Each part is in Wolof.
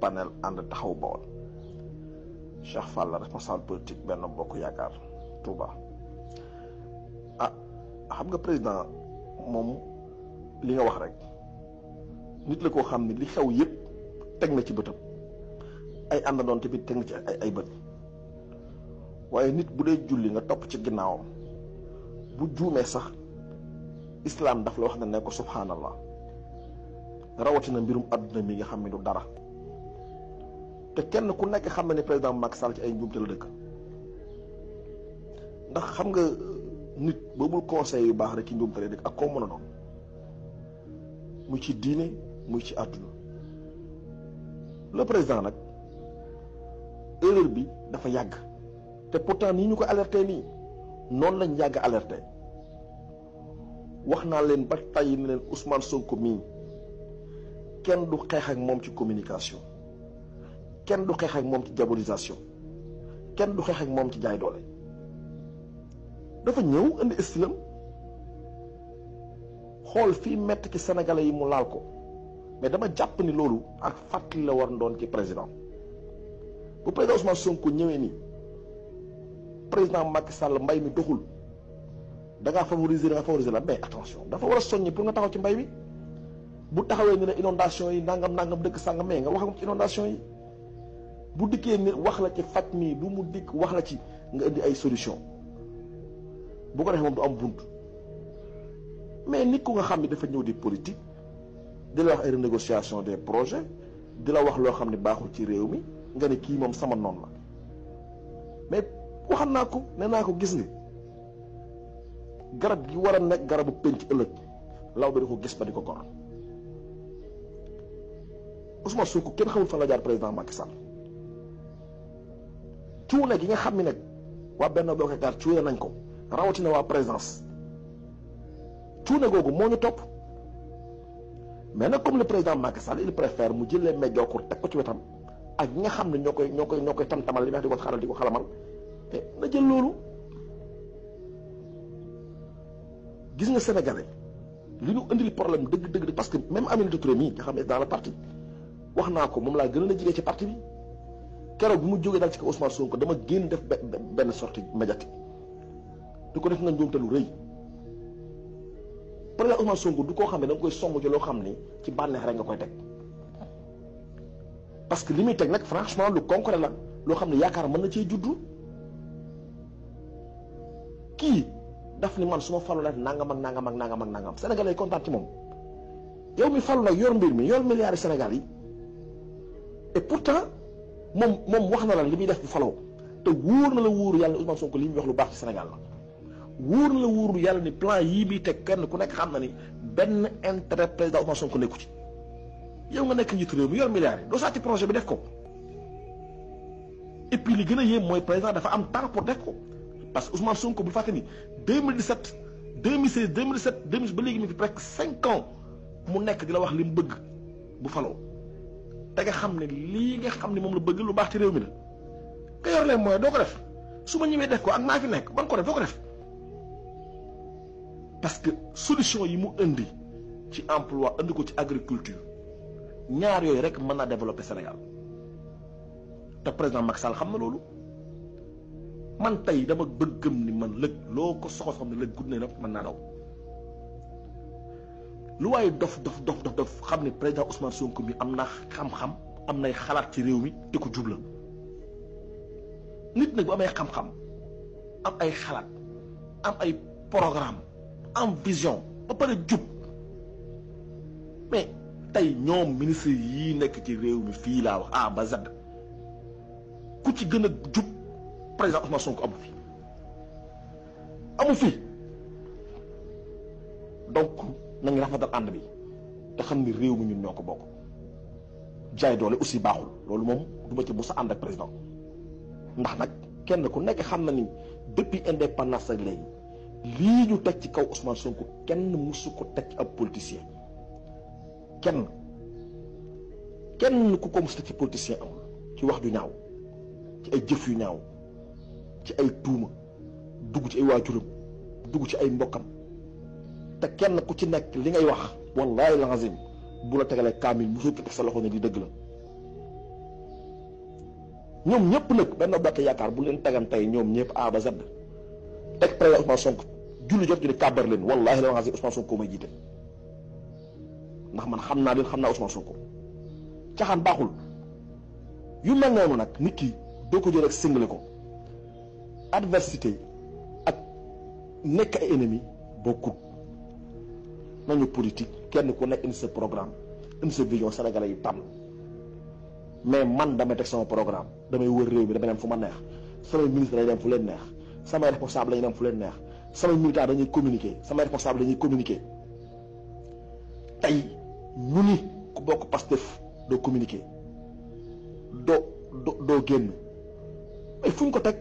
panel ànd taxaw Bawol Cheikh Fall la responsable politique benn bokk yaakaar Touba ah xam nga président moom li nga wax rek nit la koo xam ne li xew yëpp teg na ci bëtam ay àndandoon tamit teg na ci ay ay bët waaye nit bu dee julli nga topp ci ginnaawam bu juumee sax islaam daf la wax ne ne ko subhanallah rawatina mbirum àdduna mi nga xam ne du dara te kenn ku nekk xam na ne président Macky Sall ci ay njuumte la dëkk ndax xam nga euh, nit boobul conseil yu baax rek ci njuumte la dëkk ak koo mën a doon mu ci diine muy ci àdduna le président nag erreur bi dafa yàgg te pourtant nii ñu ko alerté nii noonu lañ yàgg alerte wax naa leen ba tey ne leen Ousmane Sonko mii kenn du xex ak mom ci communication kenn du xex ak mom ci diabolisation kenn du xex ak mom ci jaay doole dafa ñew indi istilam xol fi metti ci sénégalais yi mu laal ko mais dama japp ni lolu ak fatli la war ndon ci président bu président Ousmane Sonko ñewé ni président Macky Sall mbay mi doxul da nga favoriser da nga favoriser la mais attention dafa war a pour nga taxaw ci mbay mi bu taxawee ni ne inondation yi nangam nangam dëkk sàngam mais nga wax ci inondation yi bu dikkee ni wax la ci faj mii bu mu dikk wax la ci nga indi ay solution bu ko defee moom du am bunt mais nit ku nga xam ni dafa ñëw di politique di la wax ay renégociation des projet di la wax loo xam ne baaxul ci réew mi nga ne kii moom sama noon la mais waxam naa ko nee naa ko gis nga garab gi war a nekk garabu penc ëllëg law bi di ko gis ba di ko gor Ousmane Sonko kenn xamul fan la jaar président Macky Sall cuune gi nga xam ne nag waa Benno Bokk Yaakaar cuune nañ ko rawatina waa présidence cuune googu moo ñu topp mais nag comme le président Macky Sall il préfère mu jële les médiocres teg ko ci wetam ak nga xam ne ñoo koy ñoo koy ñoo koy tam-tamal li nga di ko xaral di ko xalamal te na jël loolu gis nga sénégalais li ñu indil problème dëgg dëgg parce que même Aminata Touré mii nga xam ne dans le parti waxna ko mom la gëna a jige ci parti bi kéro bu mu joggé dal ci Ousmane Sonko dama gën def ben sorti médiatique du ko def nga njuumte lu rëy président Ousmane Sonko du ko xam ne koy songu ci lo xamné ci banex rek nga koy tek parce que limi tek nak franchement lu concret la lo xamné yaakar mën na ci juddu ki daf ni man suma falu la nangam ak nangam ak nangam ak nangam Sénégalais yi ci mom yow mi falu nag yor mbir mi yor milliards sénégalais et pourtant mom mom waxna na la li muy def bu faloo te wourna la wouru yalla Ousmane Sonko li muy wax lu baax ci senegal la wóor la wouru yalla ni plan yi bi tek kenn ku nek xamna ni ben intérêt président Ousmane Sonko nekku ci yow nga nek nit rew mi yor milliards do doo projet bi def ko et puis li gën a moy président dafa am temps pour def ko parce que Ousmane Sonko bu faté ni 2017 2016 2017 2017 ba légui mi fi presque 5 ans mu nek di la wax lim bëgg bu faloo da nga xam ne lii nga xam ne moom la bëgg lu baax ci réew mi na nga yor leen mooy doo ko def su ma ñëwee def ko ak maa fi nekk ban ko def doo ko def parce que solution yi mu indi ci emploi indi ko ci agriculture ñaar yooyu rek mën naa développer Sénégal te président Macky Sall xam na loolu man tey dama bëggam ni man lëg loo ko soxla xam ne lëg gudd na mën naa daw. lu waaye dof dof dof dof dof xam président Ousmane Sonko mi amna xam-xam amnay nay xalaat ci réew mi te ko djubla nit nak bu amay xam-xam am ay xalaat am ay programme am vision ba pare djub mais tay ñom ministre yi nekk ci réew mi fii laa wax A ba Z ku ci gëna djub président Ousmane Sonko amu fi amu fi donc nañ rafetal ànd bi te xam ni réew mi ñu ñoo ko bokk jaay doole aussi baaxul loolu moom du ma ci mës ànd ak président ndax nag kenn ku nekk xam na ni depuis indépendance sa léegi lii ñu teg ci kaw Ousmane ko kenn mësu ko teg ab politicien kenn kenn ku ko mës teg ci politicien amul ci wax ju ñaaw ci ay jëf yu ñaaw ci ay tuuma dugg ci ay waajuram dugg ci ay mbokkam te kenn ku ci nekk li ngay wax wallahi lazim bu la tegalee kaamil mu sukk teg sa loxo ne di dëgg la ñoom ñëpp nag benn bokk yaakaar bu leen tegan tey ñoom ñëpp A ba Z teg président Ousmane Sonko julli jot ñu ne kàbbar leen wallahi lazim Ousmane Sonko may jiite ndax man xam naa leen xam naa Ousmane Sonko caxaan baaxul yu mel noonu nag nit ki doo ko jël rek single ko adversité ak nekk ay ennemi bokkut nañu politique kenn ku nekk indi sa programme indi sa vision sénégalais yi tam mais man damay teg sama programme damay wër réew mi damay dem fu ma neex samay ministre dañuy dem fu leen neex sama responsable dañuy dem fu leen neex sama militaire dañuy communiquer sama responsable dañuy communiquer tey ñu ni ku bokk Pastef do communiquer do do doo génn mais fu ñu ko teg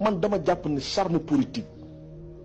man dama jàpp ni charme politique.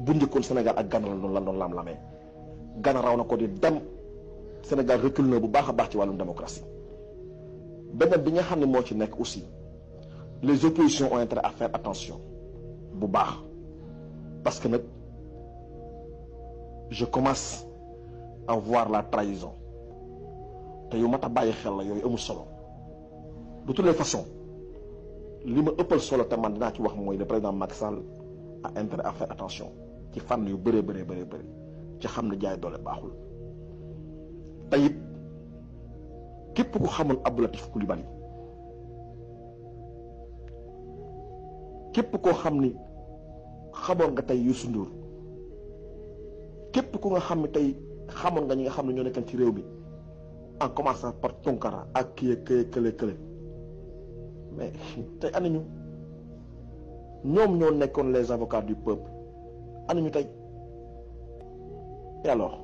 bundi njëkkoon Sénégal ak Ghana la doon lam-lamee Ghana raw na ko di dem Sénégal recul na bu baakha baax ci walum démocratie benn bi nga xamni ne ci nek aussi les oppositions ont intérêt à faire attention bu baax parce que nak je commence à voir la trahison te yu mata baye xel la yooyu amu solo de toutes les façons li solo te man dinaa ci wax moy le président Macky Sall a intérêt à faire attention ci fan yu bëree bëree bëree bëri ci xam na jaay doole baaxul tayit képp ku xamul Abdou Latif Coulibaly képp koo xam ni xamoon nga tey Youssou Ndour képp ku nga xam ni tey xamoon nga ñi nga xam ne ñoo nekkan ci réew mi en commençant par tonkara ak kii kële kële mais tey ana Nous sommes les avocats du peuple et alors